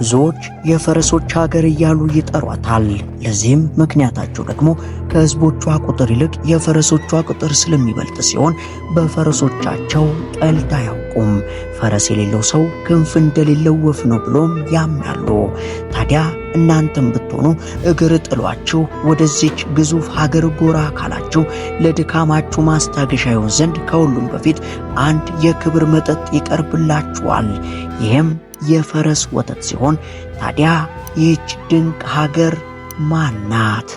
ብዙዎች የፈረሶች ሀገር እያሉ ይጠሯታል። ለዚህም ምክንያታቸው ደግሞ ከህዝቦቿ ቁጥር ይልቅ የፈረሶቿ ቁጥር ስለሚበልጥ ሲሆን በፈረሶቻቸው ጠልት አያውቁም። ፈረስ የሌለው ሰው ክንፍ እንደሌለው ወፍ ነው ብሎም ያምናሉ። ታዲያ እናንተም ብትሆኑ እግር ጥሏችሁ ወደዚች ግዙፍ ሀገር ጎራ ካላችሁ ለድካማችሁ ማስታገሻ ይሆን ዘንድ ከሁሉም በፊት አንድ የክብር መጠጥ ይቀርብላችኋል። ይህም የፈረስ ወተት ሲሆን ታዲያ ይህች ድንቅ ሀገር ማናት?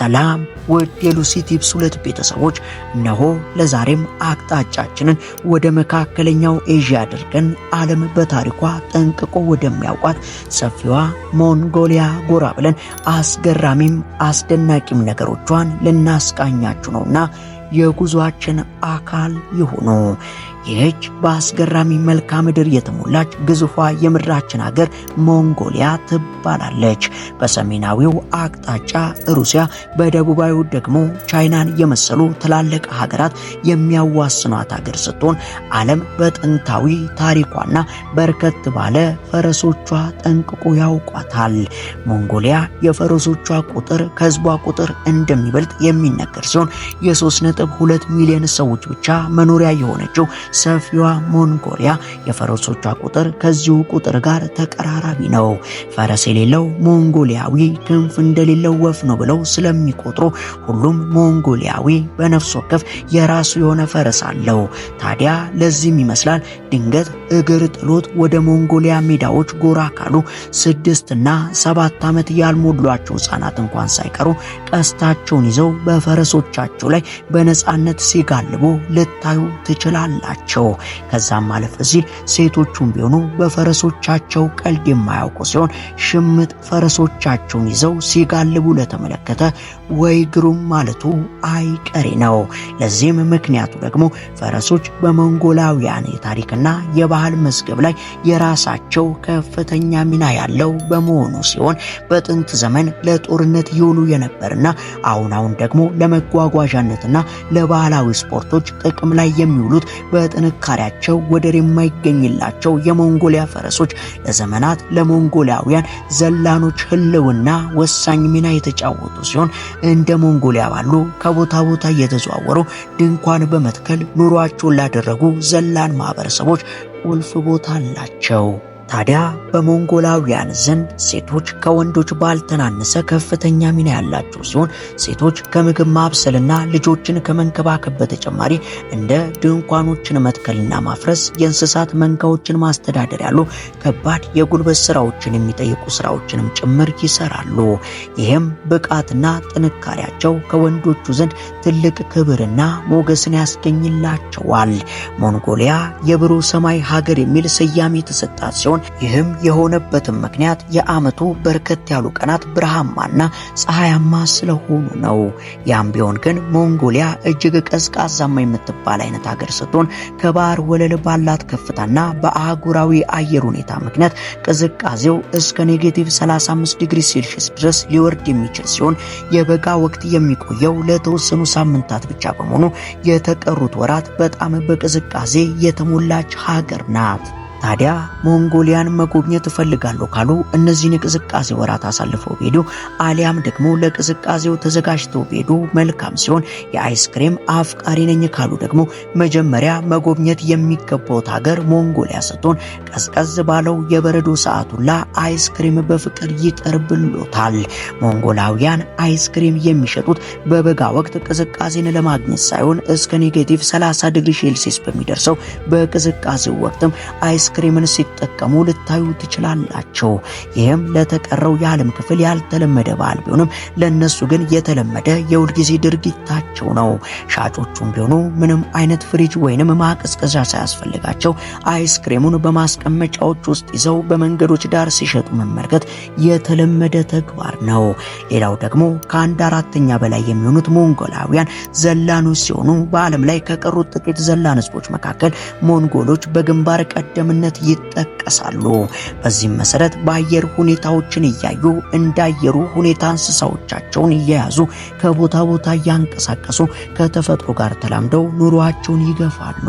ሰላም ውድ የሉሲ ቲፕስ ሁለት ቤተሰቦች፣ እነሆ ለዛሬም አቅጣጫችንን ወደ መካከለኛው ኤዥያ አድርገን ዓለም በታሪኳ ጠንቅቆ ወደሚያውቋት ሰፊዋ ሞንጎሊያ ጎራ ብለን አስገራሚም አስደናቂም ነገሮቿን ልናስቃኛችሁ ነውና የጉዟችን አካል ይሁኑ። ይህች በአስገራሚ መልክዓ ምድር የተሞላች ግዙፏ የምድራችን ሀገር ሞንጎሊያ ትባላለች። በሰሜናዊው አቅጣጫ ሩሲያ፣ በደቡባዊው ደግሞ ቻይናን የመሰሉ ትላልቅ ሀገራት የሚያዋስኗት ሀገር ስትሆን ዓለም በጥንታዊ ታሪኳና በርከት ባለ ፈረሶቿ ጠንቅቆ ያውቋታል። ሞንጎሊያ የፈረሶቿ ቁጥር ከህዝቧ ቁጥር እንደሚበልጥ የሚነገር ሲሆን የ3.2 ሚሊዮን ሰዎች ብቻ መኖሪያ የሆነችው ሰፊዋ ሞንጎሊያ የፈረሶቿ ቁጥር ከዚሁ ቁጥር ጋር ተቀራራቢ ነው። ፈረስ የሌለው ሞንጎሊያዊ ክንፍ እንደሌለው ወፍ ነው ብለው ስለሚቆጥሩ ሁሉም ሞንጎሊያዊ በነፍስ ወከፍ የራሱ የሆነ ፈረስ አለው። ታዲያ ለዚህም ይመስላል ድንገት እግር ጥሎት ወደ ሞንጎሊያ ሜዳዎች ጎራ ካሉ ስድስትና ሰባት ዓመት ያልሞሏቸው ሕፃናት እንኳን ሳይቀሩ ቀስታቸውን ይዘው በፈረሶቻቸው ላይ በነፃነት ሲጋልቡ ልታዩ ትችላላችሁ። ናቸው። ከዛም ማለፍ ሲል ሴቶቹም ቢሆኑ በፈረሶቻቸው ቀልድ የማያውቁ ሲሆን ሽምጥ ፈረሶቻቸውን ይዘው ሲጋልቡ ለተመለከተ ወይ ግሩም ማለቱ አይቀሬ ነው። ለዚህም ምክንያቱ ደግሞ ፈረሶች በመንጎላውያን የታሪክና የባህል መዝገብ ላይ የራሳቸው ከፍተኛ ሚና ያለው በመሆኑ ሲሆን በጥንት ዘመን ለጦርነት ይውሉ የነበርና አሁን አሁን ደግሞ ለመጓጓዣነትና ለባህላዊ ስፖርቶች ጥቅም ላይ የሚውሉት በጥ ጥንካሬያቸው ወደር የማይገኝላቸው የሞንጎሊያ ፈረሶች ለዘመናት ለሞንጎሊያውያን ዘላኖች ህልውና ወሳኝ ሚና የተጫወቱ ሲሆን እንደ ሞንጎሊያ ባሉ ከቦታ ቦታ እየተዘዋወሩ ድንኳን በመትከል ኑሯቸውን ላደረጉ ዘላን ማህበረሰቦች ቁልፍ ቦታ አላቸው። ታዲያ በሞንጎላውያን ዘንድ ሴቶች ከወንዶች ባልተናነሰ ከፍተኛ ሚና ያላቸው ሲሆን ሴቶች ከምግብ ማብሰልና ልጆችን ከመንከባከብ በተጨማሪ እንደ ድንኳኖችን መትከልና ማፍረስ፣ የእንስሳት መንጋዎችን ማስተዳደር ያሉ ከባድ የጉልበት ስራዎችን የሚጠይቁ ስራዎችንም ጭምር ይሰራሉ። ይህም ብቃትና ጥንካሬያቸው ከወንዶቹ ዘንድ ትልቅ ክብርና ሞገስን ያስገኝላቸዋል። ሞንጎሊያ የብሩህ ሰማይ ሀገር የሚል ስያሜ የተሰጣት ሲሆን ሲሆን ይህም የሆነበትም ምክንያት የዓመቱ በርከት ያሉ ቀናት ብርሃማና ፀሐያማ ስለሆኑ ነው። ያም ቢሆን ግን ሞንጎሊያ እጅግ ቀዝቃዛማ የምትባል አይነት ሀገር ስትሆን ከባህር ወለል ባላት ከፍታና በአህጉራዊ አየር ሁኔታ ምክንያት ቅዝቃዜው እስከ ኔጌቲቭ 35 ዲግሪ ሴልሽስ ድረስ ሊወርድ የሚችል ሲሆን የበጋ ወቅት የሚቆየው ለተወሰኑ ሳምንታት ብቻ በመሆኑ የተቀሩት ወራት በጣም በቅዝቃዜ የተሞላች ሀገር ናት። ታዲያ ሞንጎሊያን መጎብኘት እፈልጋለሁ ካሉ እነዚህን የቅዝቃዜ ወራት አሳልፈው ቢሄዱ አሊያም ደግሞ ለቅዝቃዜው ተዘጋጅተው ቢሄዱ መልካም ሲሆን የአይስክሬም አፍቃሪ ነኝ ካሉ ደግሞ መጀመሪያ መጎብኘት የሚገባውት ሀገር ሞንጎሊያ ስትሆን ቀዝቀዝ ባለው የበረዶ ሰዓቱላ አይስክሬም በፍቅር ይጠርብሎታል። ሞንጎላውያን አይስክሬም የሚሸጡት በበጋ ወቅት ቅዝቃዜን ለማግኘት ሳይሆን እስከ ኔጌቲቭ 30 ዲግሪ ሴልሲየስ በሚደርሰው በቅዝቃዜው ወቅትም አይስ አይስክሪምን ሲጠቀሙ ልታዩ ትችላላቸው። ይህም ለተቀረው የዓለም ክፍል ያልተለመደ ባህል ቢሆንም ለእነሱ ግን የተለመደ የሁልጊዜ ድርጊታቸው ነው። ሻጮቹም ቢሆኑ ምንም አይነት ፍሪጅ ወይንም ማቀዝቀዣ ሳያስፈልጋቸው አይስክሬሙን በማስቀመጫዎች ውስጥ ይዘው በመንገዶች ዳር ሲሸጡ መመልከት የተለመደ ተግባር ነው። ሌላው ደግሞ ከአንድ አራተኛ በላይ የሚሆኑት ሞንጎላውያን ዘላኖች ሲሆኑ በዓለም ላይ ከቀሩት ጥቂት ዘላን ህዝቦች መካከል ሞንጎሎች በግንባር ቀደም በዋናነት ይጠቀሳሉ። በዚህም መሰረት በአየር ሁኔታዎችን እያዩ እንዳየሩ ሁኔታ እንስሳዎቻቸውን እየያዙ ከቦታ ቦታ እያንቀሳቀሱ ከተፈጥሮ ጋር ተላምደው ኑሯቸውን ይገፋሉ።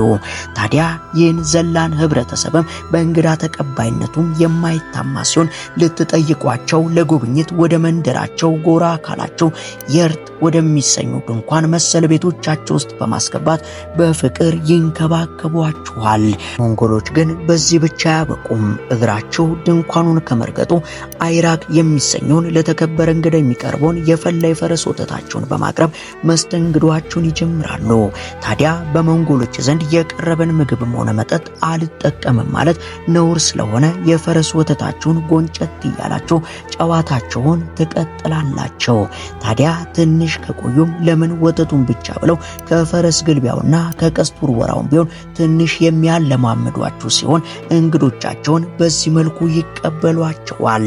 ታዲያ ይህን ዘላን ህብረተሰብም በእንግዳ ተቀባይነቱም የማይታማ ሲሆን ልትጠይቋቸው ለጉብኝት ወደ መንደራቸው ጎራ ካላቸው የርት ወደሚሰኙ ድንኳን መሰል ቤቶቻቸው ውስጥ በማስገባት በፍቅር ይንከባከቧችኋል። ሞንጎሎች ግን በ በዚህ ብቻ ያበቁም። እግራቸው ድንኳኑን ከመርገጡ አይራግ የሚሰኘውን ለተከበረ እንግዳ የሚቀርበውን የፈላ ፈረስ ወተታቸውን በማቅረብ መስተንግዷቸውን ይጀምራሉ። ታዲያ በመንጎሎች ዘንድ የቀረበን ምግብም ሆነ መጠጥ አልጠቀምም ማለት ነውር ስለሆነ የፈረስ ወተታቸውን ጎንጨት እያላቸው ጨዋታቸውን ትቀጥላላቸው። ታዲያ ትንሽ ከቆዩም ለምን ወተቱን ብቻ ብለው ከፈረስ ግልቢያውና ከቀስት ወራውን ቢሆን ትንሽ የሚያለማመዷቸው ሲሆን እንግዶቻቸውን በዚህ መልኩ ይቀበሏቸዋል።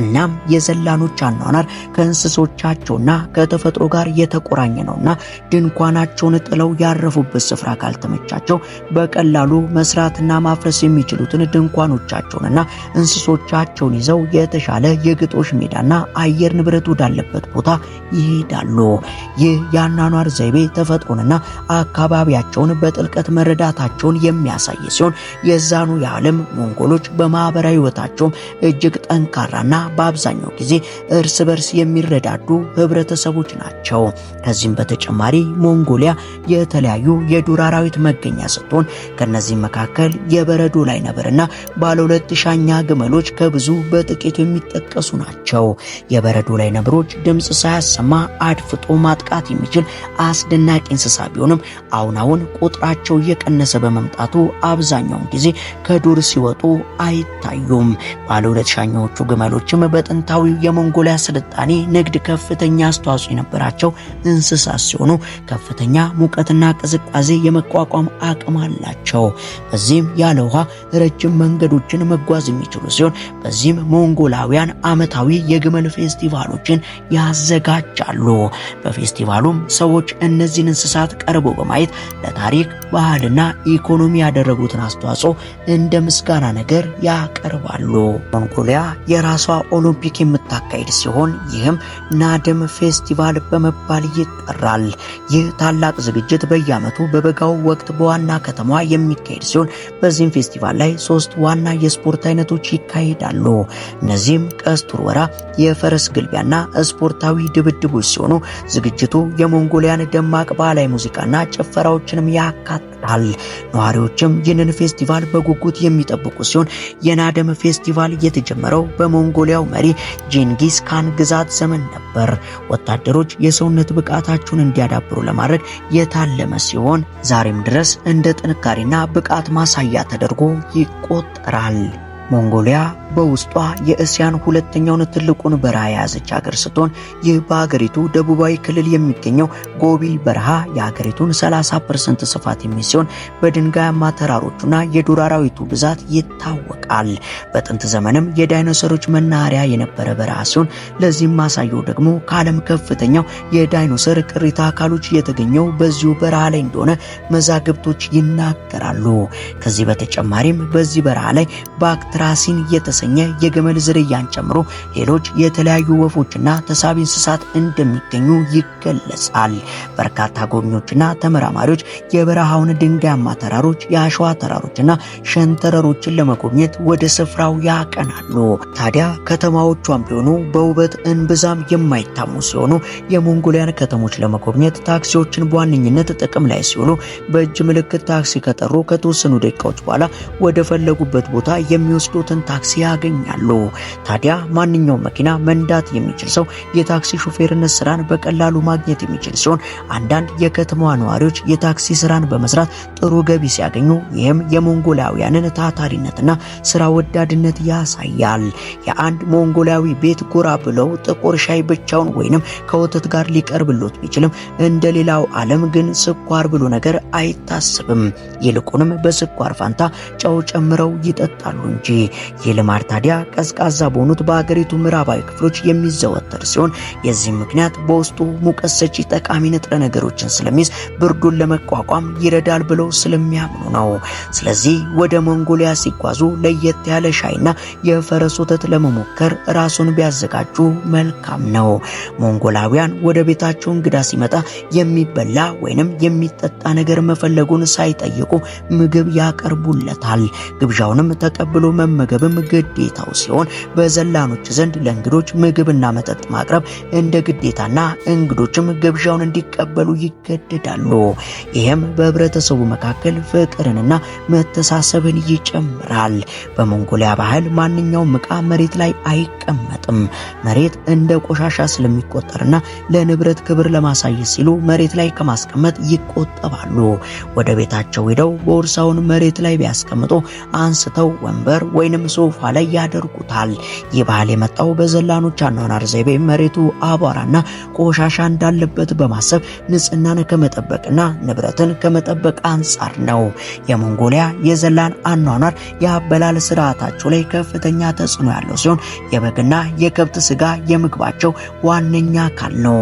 እናም የዘላኖች አኗኗር ከእንስሶቻቸውና ከተፈጥሮ ጋር የተቆራኘ ነውና ድንኳናቸውን ጥለው ያረፉበት ስፍራ ካልተመቻቸው በቀላሉ መስራትና ማፍረስ የሚችሉትን ድንኳኖቻቸውንና እንስሶቻቸውን ይዘው የተሻለ የግጦሽ ሜዳና አየር ንብረት ወዳለበት ቦታ ይሄዳሉ። ይህ የአኗኗር ዘይቤ ተፈጥሮንና አካባቢያቸውን በጥልቀት መረዳታቸውን የሚያሳይ ሲሆን የዛኑ የዓለም ሞንጎሎች በማኅበራዊ ሕይወታቸው እጅግ ጠንካራና በአብዛኛው ጊዜ እርስ በርስ የሚረዳዱ ህብረተሰቦች ናቸው። ከዚህም በተጨማሪ ሞንጎሊያ የተለያዩ የዱር አራዊት መገኛ ስትሆን ከነዚህ መካከል የበረዶ ላይ ነበርና ባለ ሁለት ሻኛ ግመሎች ከብዙ በጥቂቱ የሚጠቀሱ ናቸው። የበረዶ ላይ ነብሮች ድምፅ ሳያሰማ አድፍጦ ማጥቃት የሚችል አስደናቂ እንስሳ ቢሆንም አሁን አሁን ቁጥራቸው እየቀነሰ በመምጣቱ አብዛኛውን ጊዜ ከዱር ሲወጡ አይታዩም። ባለ ሁለት ሻኛዎቹ ግመሎችም በጥንታዊው የሞንጎሊያ ስልጣኔ ንግድ ከፍተኛ አስተዋጽኦ የነበራቸው እንስሳት ሲሆኑ ከፍተኛ ሙቀትና ቅዝቃዜ የመቋቋም አቅም አላቸው። በዚህም ያለ ውሃ ረጅም መንገዶችን መጓዝ የሚችሉ ሲሆን በዚህም ሞንጎላውያን ዓመታዊ የግመል ፌስቲቫሎችን ያዘጋጃሉ። በፌስቲቫሉም ሰዎች እነዚህን እንስሳት ቀርቦ በማየት ለታሪክ ባህልና ኢኮኖሚ ያደረጉትን አስተዋጽኦ እንደ ምስጋና ነገር ያቀርባሉ። ሞንጎሊያ የራሷ ኦሎምፒክ የምታካሄድ ሲሆን ይህም ናደም ፌስቲቫል በመባል ይጠራል። ይህ ታላቅ ዝግጅት በየዓመቱ በበጋው ወቅት በዋና ከተማ የሚካሄድ ሲሆን በዚህም ፌስቲቫል ላይ ሶስት ዋና የስፖርት አይነቶች ይካሄዳሉ። እነዚህም ቀስት ውርወራ፣ የፈረስ ግልቢያና ስፖርታዊ ድብድቦች ሲሆኑ ዝግጅቱ የሞንጎሊያን ደማቅ ባህላዊ ሙዚቃና ጭፈራዎችንም ያካትታል። ይሰጣል። ነዋሪዎችም ይህንን ፌስቲቫል በጉጉት የሚጠብቁ ሲሆን የናደም ፌስቲቫል የተጀመረው በሞንጎሊያው መሪ ጄንጊስ ካን ግዛት ዘመን ነበር። ወታደሮች የሰውነት ብቃታቸውን እንዲያዳብሩ ለማድረግ የታለመ ሲሆን ዛሬም ድረስ እንደ ጥንካሬና ብቃት ማሳያ ተደርጎ ይቆጠራል። ሞንጎሊያ በውስጧ የእስያን ሁለተኛውን ትልቁን በረሃ የያዘች ሀገር ስትሆን ይህ በሀገሪቱ ደቡባዊ ክልል የሚገኘው ጎቢ በረሃ የሀገሪቱን 30% ስፋት የሚል ሲሆን በድንጋያማ ተራሮቹና የዱር አራዊቱ ብዛት ይታወቃል። በጥንት ዘመንም የዳይኖሰሮች መናኸሪያ የነበረ በረሃ ሲሆን ለዚህም ማሳየው ደግሞ ከዓለም ከፍተኛው የዳይኖሰር ቅሪታ አካሎች የተገኘው በዚሁ በረሃ ላይ እንደሆነ መዛግብቶች ይናገራሉ። ከዚህ በተጨማሪም በዚህ በረሃ ላይ ባክትራሲን የተሰ የተሰኘ የገመል ዝርያን ጨምሮ ሌሎች የተለያዩ ወፎችና ተሳቢ እንስሳት እንደሚገኙ ይገለጻል። በርካታ ጎብኚዎችና ተመራማሪዎች የበረሃውን ድንጋያማ ተራሮች፣ የአሸዋ ተራሮችና ሸንተረሮችን ለመጎብኘት ወደ ስፍራው ያቀናሉ። ታዲያ ከተማዎቿም ቢሆኑ በውበት እንብዛም የማይታሙ ሲሆኑ የሞንጎሊያን ከተሞች ለመጎብኘት ታክሲዎችን በዋነኝነት ጥቅም ላይ ሲውሉ በእጅ ምልክት ታክሲ ከጠሩ ከተወሰኑ ደቂቃዎች በኋላ ወደ ፈለጉበት ቦታ የሚወስዱትን ታክሲ ያገኛሉ። ታዲያ ማንኛውም መኪና መንዳት የሚችል ሰው የታክሲ ሹፌርነት ስራን በቀላሉ ማግኘት የሚችል ሲሆን አንዳንድ የከተማዋ ነዋሪዎች የታክሲ ስራን በመስራት ጥሩ ገቢ ሲያገኙ፣ ይህም የሞንጎላውያንን ታታሪነትና ስራ ወዳድነት ያሳያል። የአንድ ሞንጎላዊ ቤት ጎራ ብለው ጥቁር ሻይ ብቻውን ወይንም ከወተት ጋር ሊቀርብሎት ቢችልም እንደ ሌላው ዓለም ግን ስኳር ብሎ ነገር አይታሰብም። ይልቁንም በስኳር ፋንታ ጨው ጨምረው ይጠጣሉ እንጂ የልማድ ታዲያ ቀዝቃዛ በሆኑት በሀገሪቱ ምዕራባዊ ክፍሎች የሚዘወተር ሲሆን የዚህም ምክንያት በውስጡ ሙቀት ሰጪ ጠቃሚ ንጥረ ነገሮችን ስለሚይዝ ብርዱን ለመቋቋም ይረዳል ብለው ስለሚያምኑ ነው። ስለዚህ ወደ ሞንጎሊያ ሲጓዙ ለየት ያለ ሻይና የፈረስ ወተት ለመሞከር ራሱን ቢያዘጋጁ መልካም ነው። ሞንጎላውያን ወደ ቤታቸው እንግዳ ሲመጣ የሚበላ ወይንም የሚጠጣ ነገር መፈለጉን ሳይጠይቁ ምግብ ያቀርቡለታል። ግብዣውንም ተቀብሎ መመገብም ግድ ግዴታው ሲሆን በዘላኖች ዘንድ ለእንግዶች ምግብና መጠጥ ማቅረብ እንደ ግዴታና እንግዶችም ግብዣውን እንዲቀበሉ ይገደዳሉ። ይህም በህብረተሰቡ መካከል ፍቅርንና መተሳሰብን ይጨምራል። በሞንጎሊያ ባህል ማንኛውም ዕቃ መሬት ላይ አይቀመጥም። መሬት እንደ ቆሻሻ ስለሚቆጠርና ለንብረት ክብር ለማሳየት ሲሉ መሬት ላይ ከማስቀመጥ ይቆጠባሉ። ወደ ቤታቸው ሄደው ቦርሳውን መሬት ላይ ቢያስቀምጡ አንስተው ወንበር ወይንም ሶፋ ላይ ያደርጉታል። ይህ ባህል የመጣው በዘላኖች አኗኗር ዘይቤ መሬቱ አቧራና ቆሻሻ እንዳለበት በማሰብ ንጽህናን ከመጠበቅና ንብረትን ከመጠበቅ አንጻር ነው። የሞንጎሊያ የዘላን አኗኗር የአበላል ስርዓታቸው ላይ ከፍተኛ ተጽዕኖ ያለው ሲሆን የበግና የከብት ስጋ የምግባቸው ዋነኛ አካል ነው።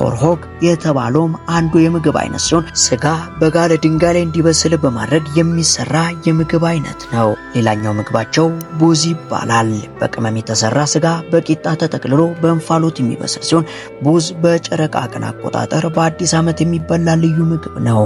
ኮርሆግ የተባለውም አንዱ የምግብ አይነት ሲሆን ስጋ በጋለ ድንጋይ ላይ እንዲበስል በማድረግ የሚሰራ የምግብ አይነት ነው። ሌላኛው ምግባቸው ቡዚ ይባላል። በቅመም የተሰራ ስጋ በቂጣ ተጠቅልሎ በእንፋሎት የሚበስል ሲሆን ቡዝ በጨረቃ ቀን አቆጣጠር በአዲስ ዓመት የሚበላ ልዩ ምግብ ነው።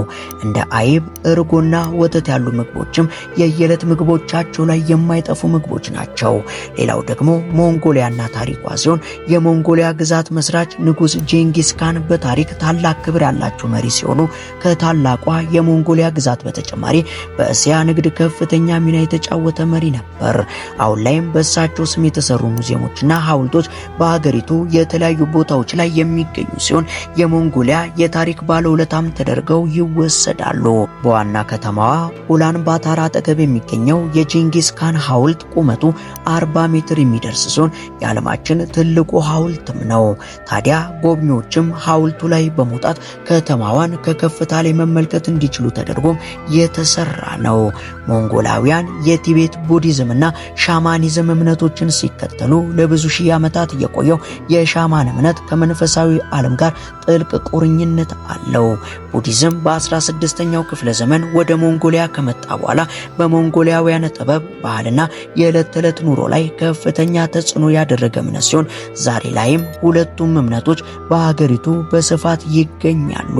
እንደ አይብ፣ እርጎና ወተት ያሉ ምግቦችም የየዕለት ምግቦቻቸው ላይ የማይጠፉ ምግቦች ናቸው። ሌላው ደግሞ ሞንጎሊያና ታሪኳ ሲሆን የሞንጎሊያ ግዛት መስራች ንጉስ ጄንጊስ ካን በታሪክ ታላቅ ክብር ያላቸው መሪ ሲሆኑ ከታላቋ የሞንጎሊያ ግዛት በተጨማሪ በእስያ ንግድ ከፍተኛ ሚና የተጫወተ መሪ ነበር። አሁን ላይም በእሳቸው ስም የተሰሩ ሙዚየሞችና ሐውልቶች በሀገሪቱ የተለያዩ ቦታዎች ላይ የሚገኙ ሲሆን የሞንጎሊያ የታሪክ ባለውለታም ተደርገው ይወሰዳሉ። በዋና ከተማዋ ኡላን ባታራ አጠገብ የሚገኘው የጂንጊስ ካን ሐውልት ቁመቱ 40 ሜትር የሚደርስ ሲሆን የዓለማችን ትልቁ ሐውልትም ነው። ታዲያ ጎብኚዎችም ሐውልቱ ላይ በመውጣት ከተማዋን ከከፍታ ላይ መመልከት እንዲችሉ ተደርጎም የተሰራ ነው። ሞንጎላውያን የቲቤት ቡዲዝምና ሻማ የሻማኒዝም እምነቶችን ሲከተሉ ለብዙ ሺህ ዓመታት የቆየው የሻማን እምነት ከመንፈሳዊ ዓለም ጋር ጥልቅ ቁርኝነት አለው። ቡዲዝም በ16ኛው ክፍለ ዘመን ወደ ሞንጎሊያ ከመጣ በኋላ በሞንጎሊያውያን ጥበብ፣ ባህልና የዕለት ተዕለት ኑሮ ላይ ከፍተኛ ተጽዕኖ ያደረገ እምነት ሲሆን ዛሬ ላይም ሁለቱም እምነቶች በሀገሪቱ በስፋት ይገኛሉ።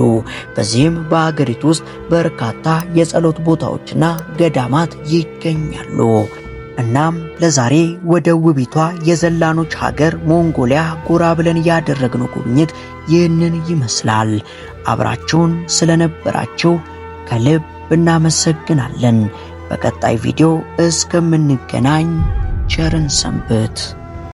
በዚህም በሀገሪቱ ውስጥ በርካታ የጸሎት ቦታዎችና ገዳማት ይገኛሉ። እናም ለዛሬ ወደ ውቢቷ የዘላኖች ሀገር ሞንጎሊያ ጎራ ብለን ያደረግነው ጉብኝት ይህንን ይመስላል። አብራችሁን ስለነበራችሁ ከልብ እናመሰግናለን። በቀጣይ ቪዲዮ እስከምንገናኝ ቸርን ሰንብት።